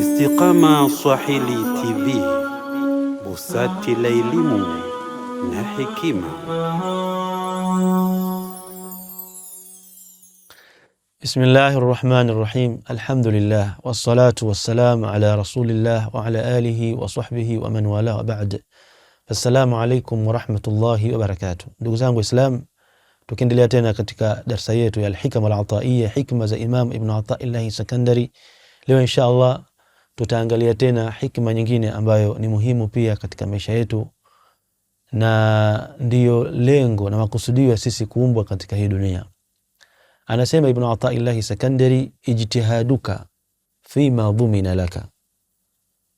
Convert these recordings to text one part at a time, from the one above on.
Istiqama Swahili TV, busati la elimu na hekima. Bismillahi rahmani rahim, alhamdulillah wassalatu wassalamu ala rasulillah wa ala alihi wa sahbihi wa man wala wa ba'd. Assalamu alaikum warahmatullahi wabarakatuh. Ndugu zangu Waislamu tukiendelea tena katika darsa yetu ya Alhikam Alataiya, hikma za Imam Ibnu Ataillahi Sakandari. Leo insha Allah tutaangalia tena hikma nyingine ambayo ni muhimu pia katika maisha yetu, na ndiyo lengo na makusudio ya sisi kuumbwa katika hii dunia. Anasema Ibnu Ataillahi Sakandari, ijtihaduka fima dhumina laka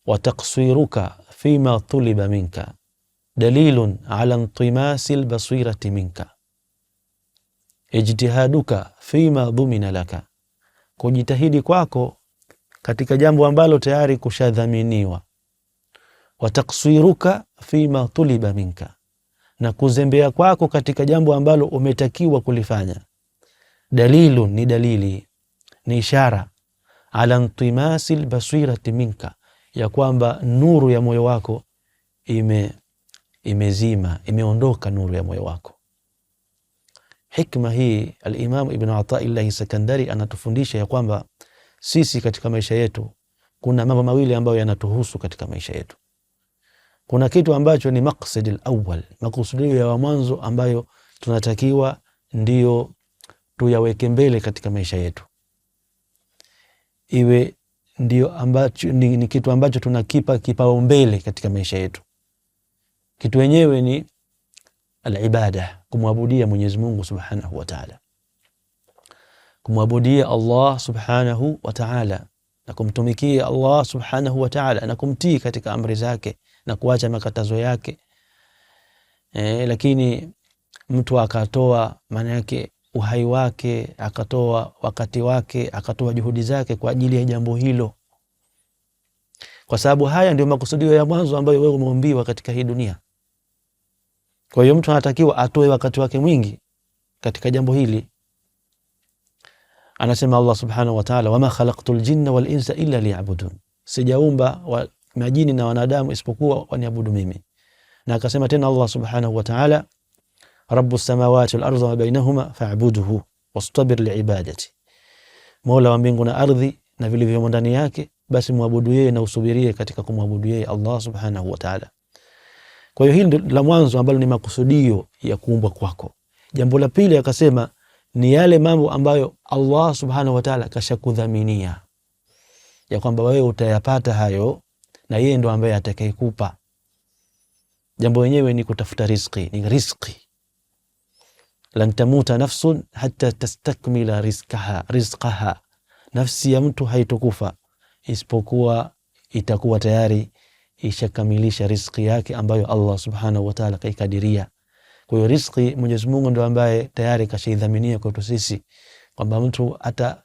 wa takswiruka fima tuliba minka dalilun ala intimasi lbasirati minka ijtihaduka fima dhumina laka, kujitahidi kwako katika jambo ambalo tayari kushadhaminiwa. Wa takswiruka fima tuliba minka, na kuzembea kwako katika jambo ambalo umetakiwa kulifanya. Dalilu ni dalili, ni ishara ala ntimasi lbasirati minka, ya kwamba nuru ya moyo wako ime imezima, imeondoka nuru ya moyo wako Hikma hii Alimamu Ibn Ataillahi Sekandari anatufundisha ya kwamba sisi katika maisha yetu kuna mambo mawili ambayo yanatuhusu katika maisha yetu. Kuna kitu ambacho ni maqsadil awwal, makusudio ya mwanzo ambayo tunatakiwa ndiyo tuyaweke mbele katika maisha yetu, iwe ndio ambacho ni, ni kitu ambacho tunakipa kipao mbele katika maisha yetu. Kitu wenyewe ni alibada kumwabudia Mwenyezi Mungu Subhanahu wa Ta'ala, kumwabudia Allah Subhanahu wa Ta'ala na kumtumikia Allah Subhanahu wa Ta'ala na kumtii katika amri zake na kuacha makatazo yake. E, lakini mtu akatoa maana yake uhai wake akatoa wakati wake akatoa juhudi zake kwa ajili ya jambo hilo, kwa sababu haya ndio makusudio ya mwanzo ambayo wewe umeumbiwa katika hii dunia. Kwa hiyo mtu anatakiwa atoe wakati wake mwingi katika jambo hili. Anasema Allah subhanahu wa ta'ala, wama khalaqtul jinna wal insa illa liya'budun, sijaumba majini na wanadamu isipokuwa waniabudu mimi. Na akasema tena Allah subhanahu wa ta'ala, rabbus samawati wal ardi wa bainahuma fa'buduhu wastabir liibadati, mola wa mbingu na ardhi na vilivyomo ndani yake, basi mwabudu yeye na usubirie katika kumwabudu yeye Allah subhanahu wa ta'ala. Kwa hiyo hili la mwanzo ambalo ni makusudio ya kuumbwa kwako. Jambo la pili akasema ni yale mambo ambayo Allah subhanahu wa ta'ala kashakudhaminia ya kwamba wewe utayapata hayo, na yeye ndo ambaye atakayekupa. Jambo wenyewe ni kutafuta riziki, ni riziki. Lan tamuta nafsun hatta tastakmila rizqaha, rizqaha, nafsi ya mtu haitokufa isipokuwa itakuwa tayari ishakamilisha riziki yake ambayo Allah subhanahu wa ta'ala kaikadiria. Kwa hiyo riziki Mwenyezi Mungu ndo ambaye tayari kashaidhaminia kwetu sisi kwamba mtu hata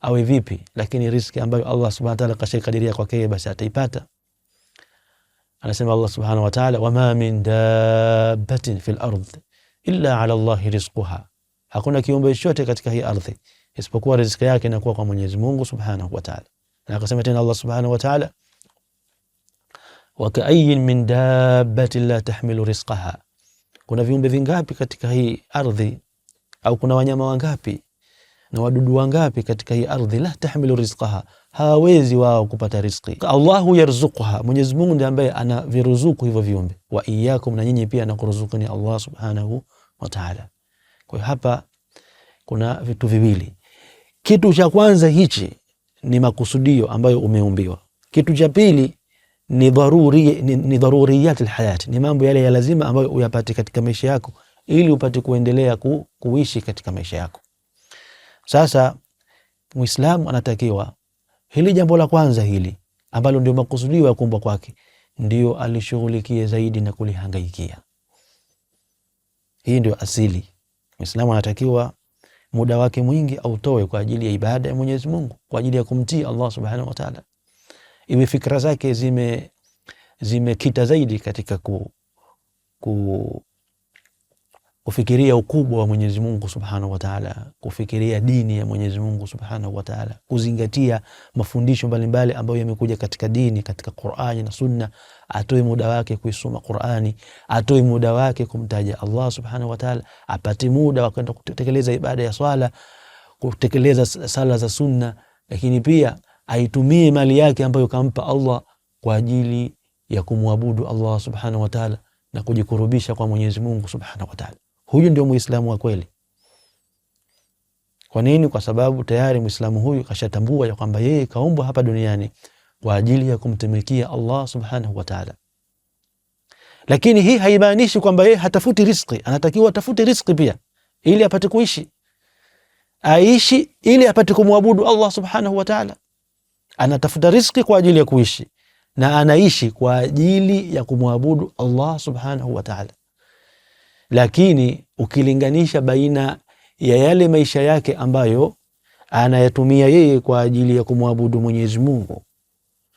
awe vipi, lakini riziki ambayo Allah subhanahu wa ta'ala kashaikadiria kwake basi ataipata. Anasema Allah subhanahu wa ta'ala, wama min dabbatin fil ardh illa ala Allahi rizquha, hakuna kiumbe chochote katika hii ardhi isipokuwa riziki yake inakuwa kwa Mwenyezi Mungu subhanahu wa ta'ala. Na akasema tena Allah subhanahu wa ta'ala wa wakaayin min dabbatin la tahmilu rizqaha, kuna viumbe vingapi katika hii ardhi au kuna wanyama wangapi na wadudu wangapi katika hii ardhi, la tahmilu rizqaha, hawawezi wao kupata riziki. Allahu yarzuquha, Mwenyezi Mungu ndiye ambaye ana viruzuku hivyo viumbe. Wa iyyakum, na nyinyi pia ni Allah subhanahu wa ta'ala. Kwa hiyo hapa kuna vitu viwili, kitu cha kwanza hichi ni makusudio ambayo umeumbiwa, kitu cha pili ni, dharuri, ni, ni dharuriyat alhayat, ni mambo yale ya lazima ambayo uyapate katika maisha yako ili upate kuendelea ku, kuishi katika maisha yako. Sasa Muislamu anatakiwa hili jambo la kwanza hili ambalo ndio makusudio ya kuumbwa kwake ndio alishughulikie zaidi na kulihangaikia. Hii ndio asili. Muislamu anatakiwa muda wake mwingi autoe kwa ajili ya ibada ya Mwenyezi Mungu, kwa ajili ya kumtii Allah Subhanahu wa Ta'ala iwe fikra zake zime zimekita zaidi katika ku, ku, kufikiria ukubwa wa Mwenyezi Mungu Subhanahu wa Ta'ala, kufikiria dini ya Mwenyezi Mungu Subhanahu wa Ta'ala, kuzingatia mafundisho mbalimbali ambayo yamekuja katika dini, katika Qur'ani na Sunna. Atoe muda wake kuisoma Qur'ani, atoe muda wake kumtaja Allah Subhanahu wa Ta'ala, apate muda wa kwenda kutekeleza ibada ya swala, kutekeleza sala za Sunna, lakini pia aitumie mali yake ambayo kampa Allah kwa ajili ya kumwabudu Allah subhanahu wa ta'ala na kujikurubisha kwa Mwenyezi Mungu subhanahu wa ta'ala. Huyu ndio muislamu wa kweli. Kwa nini? Kwa sababu tayari muislamu huyu kashatambua ya kwamba yeye kaumbwa hapa duniani kwa ajili ya kumtumikia Allah subhanahu wa ta'ala. Lakini hii haimaanishi kwamba yeye hatafuti riziki, anatakiwa atafute riziki pia ili apate kuishi, aishi ili apate kumwabudu Allah subhanahu wa ta'ala anatafuta riski kwa ajili ya kuishi na anaishi kwa ajili ya kumwabudu Allah subhanahu wa ta'ala. Lakini ukilinganisha baina ya yale maisha yake ambayo anayatumia yeye kwa ajili ya kumwabudu Mwenyezi Mungu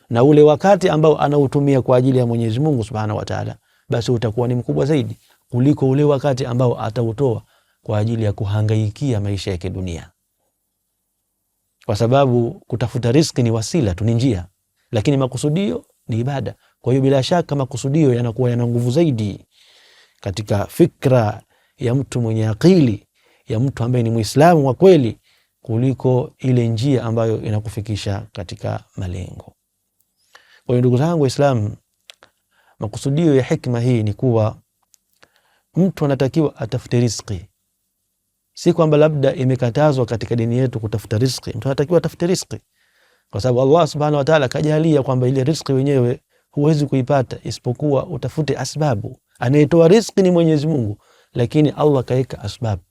na ule wakati ambao anautumia kwa ajili ya Mwenyezi Mungu subhanahu wa ta'ala, basi utakuwa ni mkubwa zaidi kuliko ule wakati ambao atautoa kwa ajili ya kuhangaikia maisha yake duniani kwa sababu kutafuta riski ni wasila tu, ni njia, lakini makusudio ni ibada. Kwa hiyo bila shaka makusudio yanakuwa yana nguvu zaidi katika fikra ya mtu mwenye akili, ya mtu ambaye ni Muislamu wa kweli, kuliko ile njia ambayo inakufikisha katika malengo. Kwa hiyo ndugu zangu Waislamu, makusudio ya hikma hii ni kuwa mtu anatakiwa atafute riski si kwamba labda imekatazwa katika dini yetu kutafuta riziki. Mtu anatakiwa atafute riziki, kwa sababu Allah subhanahu wa ta'ala kajalia kwamba ile riziki wenyewe huwezi kuipata isipokuwa utafute asbabu. Anayetoa riziki ni Mwenyezi Mungu, lakini Allah kaweka asbabu.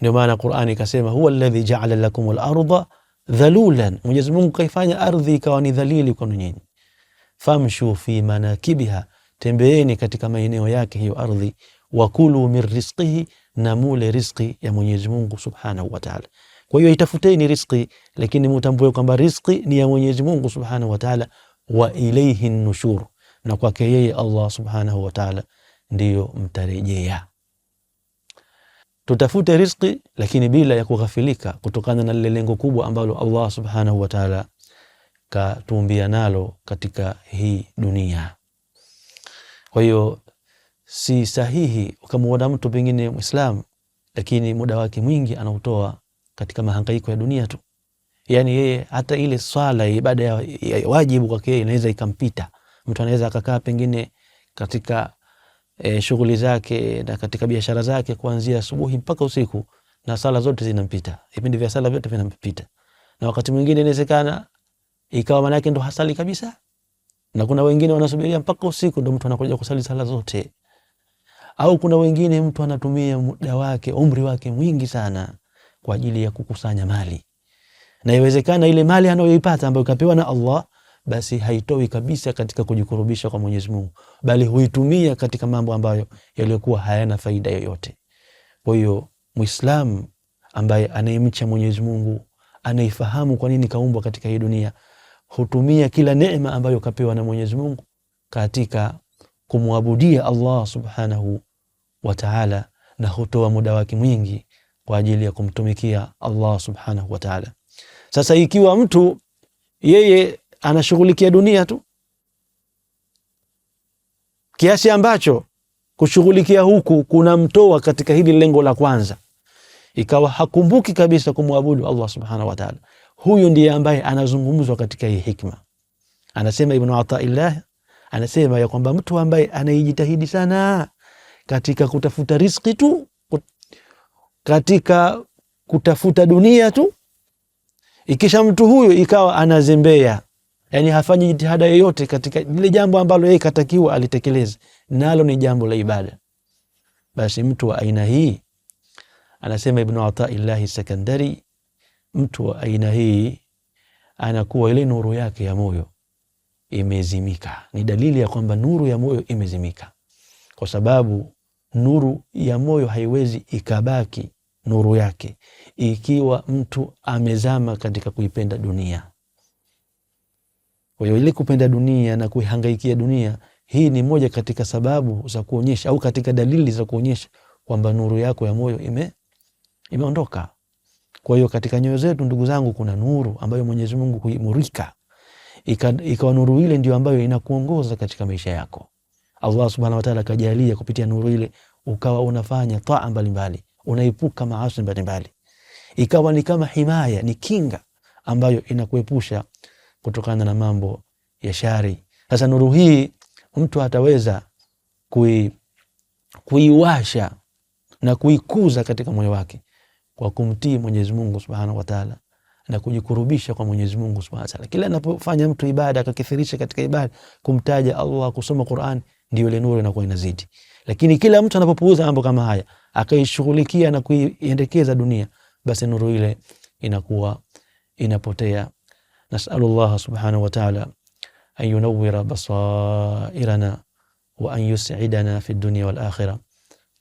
Ndio maana Qur'ani ikasema, huwa alladhi ja'ala lakumul arda dhalulan, Mwenyezi Mungu kaifanya ardhi ikawa ni dhalili kwenu nyinyi. Famshu fi manakibiha, tembeeni katika maeneo yake hiyo ardhi, wakulu min rizqihi na mule riziki ya Mwenyezi Mungu Subhanahu wa Ta'ala. Kwa hiyo itafuteni riziki, lakini mutambue kwamba riziki ni ya Mwenyezi Mungu Subhanahu wa Ta'ala, wa ilaihi nushur, na kwake yeye Allah Subhanahu wa Ta'ala ndiyo mtarejea. Tutafute riziki lakini bila ya kughafilika, kutokana na lile lengo kubwa ambalo Allah Subhanahu wa Ta'ala katuumbia nalo katika hii dunia. Kwa hiyo si sahihi ukamuona mtu pengine Muislamu, lakini muda wake mwingi anautoa katika mahangaiko ya dunia tu. Yani yeye hata ile swala ibada ya, ya ya wajibu kwake inaweza ikampita. Mtu anaweza akakaa pengine katika e, shughuli zake na katika biashara zake kuanzia asubuhi mpaka usiku na sala zote zinampita, vipindi vya sala vyote vinampita, na wakati mwingine inawezekana ikawa maana yake ndo hasali kabisa, na kuna wengine wanasubiria mpaka usiku ndo mtu anakuja kusali sala zote. Au kuna wengine mtu anatumia muda wake, umri wake mwingi sana kwa ajili ya kukusanya mali, na iwezekana ile mali anayoipata ambayo kapewa na Allah basi haitoi kabisa katika kujikurubisha kwa Mwenyezi Mungu, bali huitumia katika mambo ambayo yaliyokuwa hayana faida yoyote. Kwa hiyo Muislam ambaye anayemcha Mwenyezi Mungu, anaifahamu kwa nini kaumbwa katika hii dunia, hutumia kila neema ambayo kapewa na Mwenyezi Mungu katika kumwabudia Allah subhanahu wa taala na hutoa muda wake mwingi kwa ajili ya kumtumikia Allah subhanahu wa taala. Sasa ikiwa mtu yeye anashughulikia dunia tu kiasi ambacho kushughulikia huku kunamtoa katika hili lengo la kwanza, ikawa hakumbuki kabisa kumwabudu Allah subhanahu wa taala, huyu ndiye ambaye anazungumzwa katika hii hikma. Anasema Ibnu Ataillah anasema ya kwamba mtu ambaye anayejitahidi sana katika kutafuta riski tu, katika kutafuta dunia tu. Ikisha mtu huyo ikawa anazembea, yani hafanyi jitihada yoyote katika lile jambo ambalo yeye katakiwa alitekeleze, nalo ni jambo la ibada, basi mtu wa aina hii anasema Ibnu Ataillahi sekandari mtu wa aina hii anakuwa ile nuru yake ya moyo imezimika. Ni dalili ya kwamba nuru ya moyo imezimika, kwa sababu nuru ya moyo haiwezi ikabaki nuru yake ikiwa mtu amezama katika kuipenda dunia. Kwa hiyo ile kupenda dunia na kuihangaikia dunia, hii ni moja katika sababu za kuonyesha au katika dalili za kuonyesha kwamba nuru yako ya moyo ime imeondoka. Kwa hiyo katika nyoyo zetu, ndugu zangu, kuna nuru ambayo Mwenyezi Mungu huimurika, ikawa nuru ile ndio ambayo inakuongoza katika maisha yako. Allah subhanahu wa ta'ala akajalia kupitia nuru ile ukawa unafanya taa mbalimbali, unaepuka maasi mbalimbali, ikawa ni kama himaya, ni kinga ambayo inakuepusha kutokana na mambo ya shari. Sasa nuru hii mtu ataweza kui, kuiwasha na kuikuza katika moyo wake kwa kumtii Mwenyezi Mungu Subhanahu wa Ta'ala na kujikurubisha kwa Mwenyezi Mungu Subhanahu wa Ta'ala. Kila anapofanya mtu ibada akakithirisha katika ibada, kumtaja Allah, kusoma Qur'ani ndio ile nuru inakuwa inazidi. Lakini kila mtu anapopuuza mambo kama haya akaishughulikia na kuiendekeza dunia, basi nuru ile inakuwa inapotea. Allah subhanahu wa ta'ala an yunawwira basairana wa an yus'idana fi dunya wal akhirah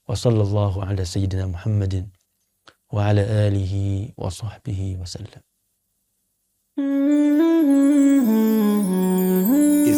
wa sallallahu ala sayidina Muhammadin wa ala alihi wa sahbihi wa sallam. mm -hmm.